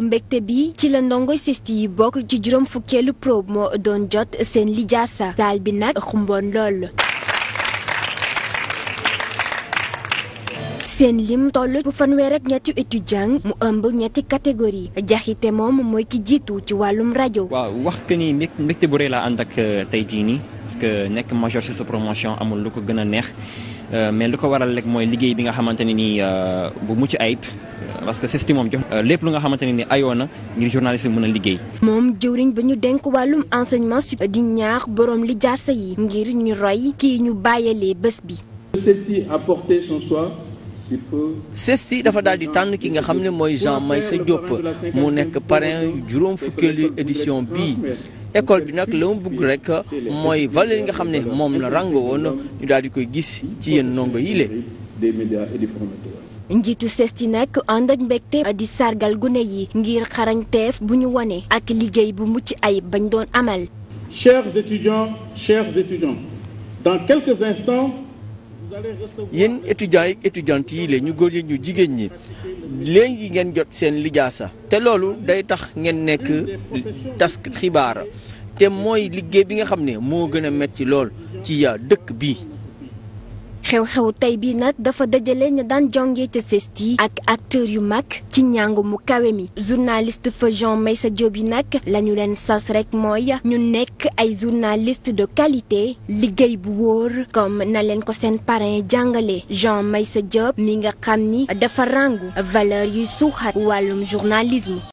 mbégte bi ci la ndongo CESTI yi bokk ci juróom fukkeelu moo doon jot seen lijaasa saal bi nag xumboon lool seen lim toll bu fanweer ak ñetti étudiants mu ëmb ñetti catégorie jaxite moom mooy ki jiitu ci wàllum rajo. waaw wax que ni mbégte bu rëy laa ànd ak euh, tey jii nii parce que nekk major ci sa promotion amul lu ko gën a neex euh, mais lu ko waral rek mooy liggéey bi nga xamante ne nii euh, bu mucc ayib. parce que CESTI moom jox lépp lu nga xamante ne ni ayoo na ngir journaliste mën a liggéey. moom jëwriñ ba ñu denk wàllum enseignement su di ñaax borom li jaasa yi ngir ñu roy kii ñu bàyyalee bés CESTI dafa daal di tànn ki nga xam ne mooy Jean Meissa Diop mu nekk parrain juróom fukkeelu édition bii école bi nag la mu bëgg rek mooy valeur yi nga xam ne moom la ràng woon ñu daal di koy gis ci yéen ndongo yi le njiitu CESTI nag ànd ak mbégte di sargal gune yi ngir xarañteef bu ñu wane ak liggéey bu mucc ayib bañ doon amal. chers étudiants chers yéen étudiants yi étudiantes yi la ñu góor yi ñu jigéen ñi léegi ngeen jot seen lijaasa te loolu day tax ngeen nekk tas xibaar te mooy liggéey bi nga xam ne moo gën a metti lool ci dëkk bi xew-xew tey bi nag dafa dajale ñu daan jonge te sest yi ak acteur yu mag ci njàng mu kawe mi journaliste fa Jean sa Diop yi nag la ñu leen sas rek mooy ñu nekk ay journaliste de qualité liggéey bu wóor comme na leen ko seen parrain jàngale Jean sa Diop mi nga xam ni dafa ràngu valeur yuy suuxat wàllum journalisme